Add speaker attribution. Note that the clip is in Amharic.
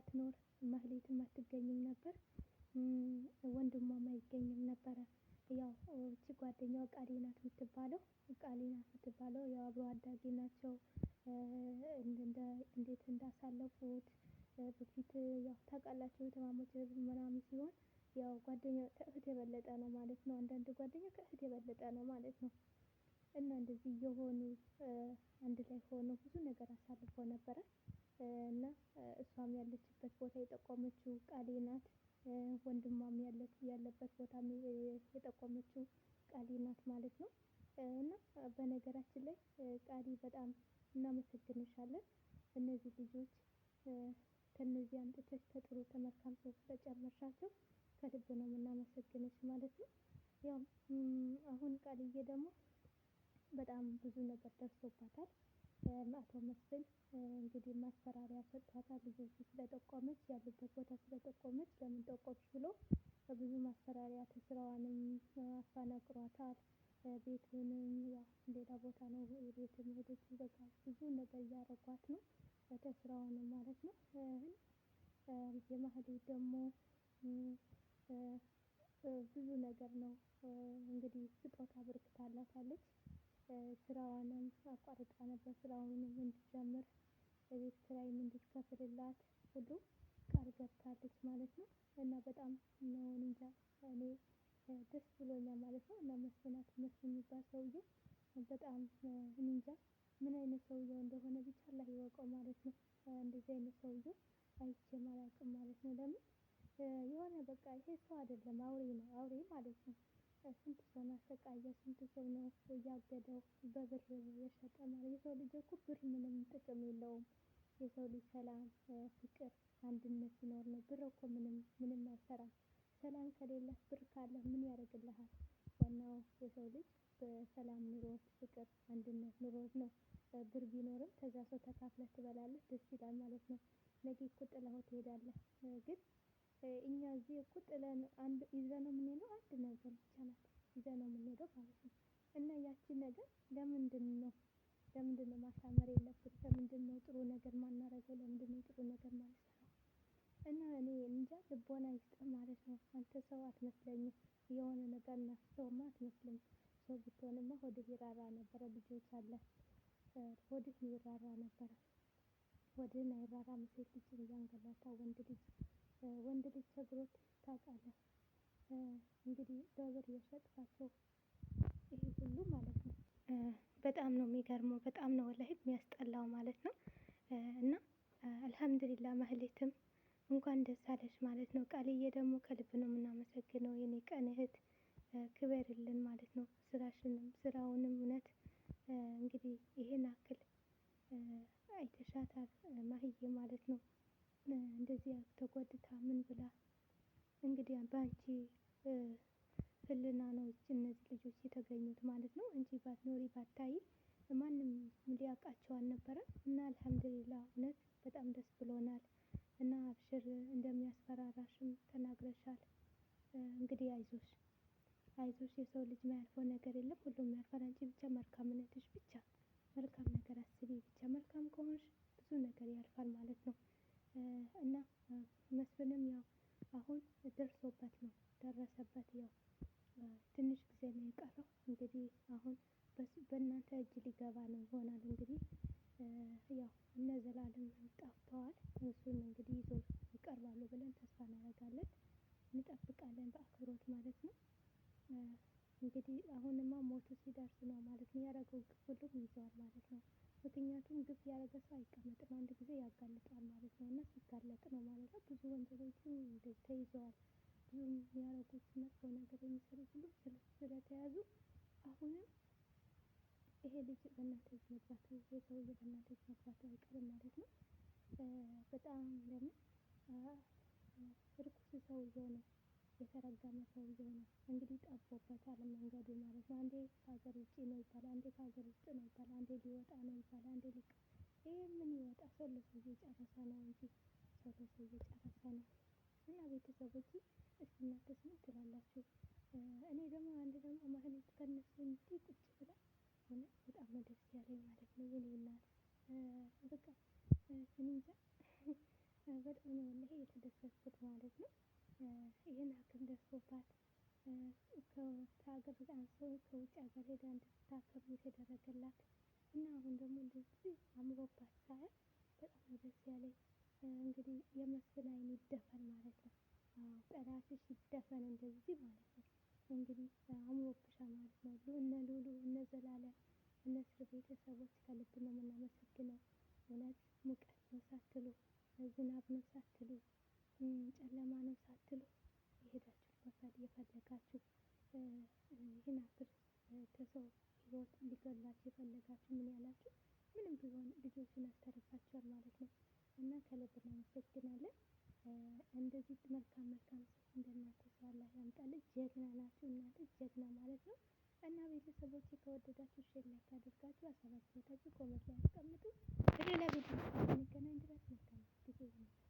Speaker 1: ባትኖር ማህሌትም አትገኝም ነበር፣ ወንድሟም አይገኝም ነበረ። ያው እቺ ጓደኛው ቃሌ ናት የምትባለው ቃሌ የምትባለው ያው አብሮ አዳጊ ናቸው። እንዴት እንዳሳለፉት በፊት ያው ታውቃላችሁ ምናምን ሲሆን ያው ጓደኛ ከእህት የበለጠ ነው ማለት ነው። አንዳንድ ጓደኛ ከእህት የበለጠ ነው ማለት ነው። እና እንደዚህ እየሆኑ አንድ ላይ ሆኖ ብዙ ነገር አሳልፎ ነበረ። እና እሷም ያለችበት ቦታ የጠቆመችው ቃሌ ናት። ወንድሟም ያለበት ቦታ የጠቆመችው ቃሌ ናት ማለት ነው። እና በነገራችን ላይ ቃሌ በጣም እናመሰግንሻለን። እነዚህ ልጆች ከነዚህ አምጥተሽ ከጥሩ ከመልካም ሰው ስለጨመርሻቸው ከልብ ነው የምናመሰግንሽ ማለት ነው። ያው አሁን ቃልዬ ደግሞ በጣም ብዙ ነገር ደርሶባታል። አቶ መስፍን እንግዲህ ማስፈራሪያ ሰጥቷታል። ልጆቹ ስለጠቆመች ያሉበት ቦታ ስለጠቆመች ለምን ጠቆምሽ ብሎ በብዙ ማስፈራሪያ ስራዋንም አፈናቅሯታል። ቤቱንም ያው ሌላ ቦታ ነው ቤት ሄደች። በቃ ብዙ ነገር እያረጓት ነው ከስራዋንም ማለት ነው። የማህሌት ደግሞ ብዙ ነገር ነው እንግዲህ ስጦታ አበርክታላታለች። ስራዋንም አቋርጣ ነበር። ስራውንም እንድትጀምር የቤት ኪራይም እንድትከፍልላት ሁሉ ቃል ገብታለች ማለት ነው። እና በጣም ነው እንጃ እኔ ደስ ብሎኛል ማለት ነው። እና መስፍናት መስፍን የሚባል ሰውዬ በጣም እንጃ ምን አይነት ሰውዬ እንደሆነ ብቻ አላህ ይወቀው ማለት ነው። እንደዚህ አይነት ሰውዬ አይቼም አላውቅም ማለት ነው። ለምን የሆነ በቃ ይሄ ሰው አይደለም አውሬ ነው አውሬ ማለት ነው። ስንት ሰው ነው ስንት ሰው ነው ያገደው? በብር የሸጠ ማለት የሰው ልጅ እኮ ብር ምንም ጥቅም የለውም። የሰው ልጅ ሰላም፣ ፍቅር፣ አንድነት ሲኖር ነው። ብር እኮ ምንም ምንም አይሰራም። ሰላም ከሌለህ ብር ካለህ ምን ያደርግልሃል? ዋናው የሰው ልጅ በሰላም ኑሮ ፍቅር፣ አንድነት ኑሮ ነው። ብር ቢኖርም ከዛ ሰው ተካፍለህ ትበላለህ፣ ደስ ይላል ማለት ነው። ነገ እኮ ጥለኸው ትሄዳለህ ግን እኛ እዚህ እኮ ጥለን አንድ ይዘን ነው የምንሄደው አንድ ነገር ብቻ ናት ይዘን ነው የምንሄደው ማለት ነው። እና ያቺን ነገር ለምንድን ነው ለምንድን ነው ማሳመር የለብን? ለምንድን ነው ጥሩ ነገር ማናረገው? ለምንድን ነው ጥሩ ነገር ማንሰራው? እና እኔ እንጃ ልቦና ይስጥህ ማለት ነው። አንተ ሰው አትመስለኝም፣ የሆነ ነገር ነህ። ሰውማ አትመስልም። ሰው ብትሆንማ ሆድህ ይራራ ነበረ። ልጆች አለ ሆድህ ይራራ ነበረ። ሆድህን አይራራም ሴት ልጅ እያንገላታ ወንድ ልጅ ወንድ ልጅ ቸግሮት ታውቃለህ እንግዲህ በብር የሸጥካቸው ይሄ ሁሉ ማለት ነው።
Speaker 2: በጣም ነው የሚገርመው በጣም ነው ወላሂ የሚያስጠላው ማለት ነው። እና አልሀምድሊላ ማህሌትም እንኳን ደስ አለሽ ማለት ነው። ቃልዬ ደግሞ ከልብ ነው የምናመሰግነው የኔ ቀን እህት ክበርልን ማለት ነው። ስራሽንም ስራውንም እውነት እንግዲህ ይሄን ያክል አይተሻታል ማህዬ ማለት ነው። እንደዚህ ተጎድታ ምን ብላ እንግዲህ በአንቺ ህልና ነው እነዚህ ልጆች የተገኙት ማለት ነው። አንቺ ባትኖሪ ባታይ ማንም ሊያውቃቸው አልነበረም እና አልሐምዱሊላ እውነት በጣም ደስ ብሎናል እና አብሽር እንደሚያስፈራራሽም ተናግረሻል። እንግዲህ አይዞሽ አይዞሽ የሰው ልጅ የሚያልፈው ነገር የለም ሁሉም ያልፋል። አንቺ ብቻ መልካምነትሽ ብቻ መልካም ነገር አስቢ ብቻ መልካም ከሆንሽ ብዙ ነገር ያልፋል ማለት ነው። እና መስፍንም ያው አሁን ደርሶበት ነው ደረሰበት። ያው ትንሽ ጊዜ ነው የቀረው እንግዲህ አሁን በእናንተ እጅ ሊገባ ነው ይሆናል እንግዲህ ያው እነ ዘላለም ጠፍተዋል። እሱን እንግዲህ ይዞ ይቀርባሉ ብለን ተስፋ እናደርጋለን እንጠብቃለን በአክብሮት ማለት ነው። እንግዲህ አሁንማ ሞቱ እርሱ ነው ማለት ነው። ያደረገው ግፍ ሁሉም ይዘዋል ማለት ነው። ምክንያቱም ግፍ ያደረገ ሰው አይቀመጥም፣ አንድ ጊዜ ያጋልጠዋል ማለት ነው። እና ሲጋለጥ ነው ማለት ነው። ብዙ ወንጀሎችም ተይዘዋል። ብዙ የሚያደርጉት መጥፎ ነገር የሚሰሩት ሁሉ ስለተያዙ አሁንም ይሄ ልጅ በእናንተ እጅ መግባቱ ይሄ ሰውዬ በእናንተ እጅ መግባቱ አይቀርም ማለት ነው። በጣም ለምን ርኩስ ሰውዬ ነው የተረገመ ሰውዬ ነው። እንግዲህ ጠቦበታል መንገዱ ማለት ነው። አንዴ ከሀገር ውጭ ነው ይባላል፣ አንዴ ከሀገር ውስጥ ነው ይባላል፣ አንዴ ሊወጣ ነው ይባላል፣ አንዴ ሊቀ ይሄ ምን ይወጣ ሰው ለሰው እየጨረሰ ነው እንጂ ሰው ለሰው እየጨረሰ ነው። እና ቤተሰቦች እስቲ እናንተ ስንት ትላላችሁ? እኔ ደግሞ አንድ ደግሞ ማህሌት ከነሱ እንጂ ቁጭ ብላ እውነት በጣም ነው ደስ ያለኝ ማለት ነው። የኔ እናት በቃ እኔ እንጃ በጣም ነው ወላሂ የተደሰትኩት ማለት ነው። ይህን ሐኪም ደርሶባት ከሀገር አንሶ ከውጭ ሀገር ሄዳ እንድትታከም የተደረገላት እና አሁን ደግሞ እንደዚህ አምሮባት ሳያት በጣም ደስ ያለኝ እንግዲህ የመስፍን ዓይን ይደፈን ማለት ነው። ጠላትሽ ይደፈን እንደዚህ ማለት ነው። እንግዲህ አምሮብሻል ማለት ነው። እነ ሉሉ እነ ዘላለም እነሱ ቤተሰቦች ከልብ ነው የምናመሰግነው። እውነት ሙቀት ነው ሳትሉ፣ ዝናብ ነው ሳትሉ ጨለማ ነው ሳትሉ የሄዳችሁ መርሳት እየፈለጋችሁ ይህን አክል ከሰው ህይወት እንዲገላችሁ የፈለጋችሁ ምን ያላችሁ ምንም ቢሆን ልጆቹን ያስተርፋችኋል ማለት ነው። እና ከልብ እናመሰግናለን። እንደዚህ መልካም መልካም ሰው እንደናንተ ሰው አላህ ያምጣልን። ጀግና ናችሁ እናንተ ጀግና ማለት ነው። እና ቤተሰቦች ከወደዳችሁ ሼር ላይክ አድርጋችሁ ሀሳብ አስተያየታችሁ ኮሜንት ላይ አስቀምጡ። በሌላ ቪዲዮ እስከምንገናኝ ድረስ መልካም ጊዜ ይሁንላችሁ።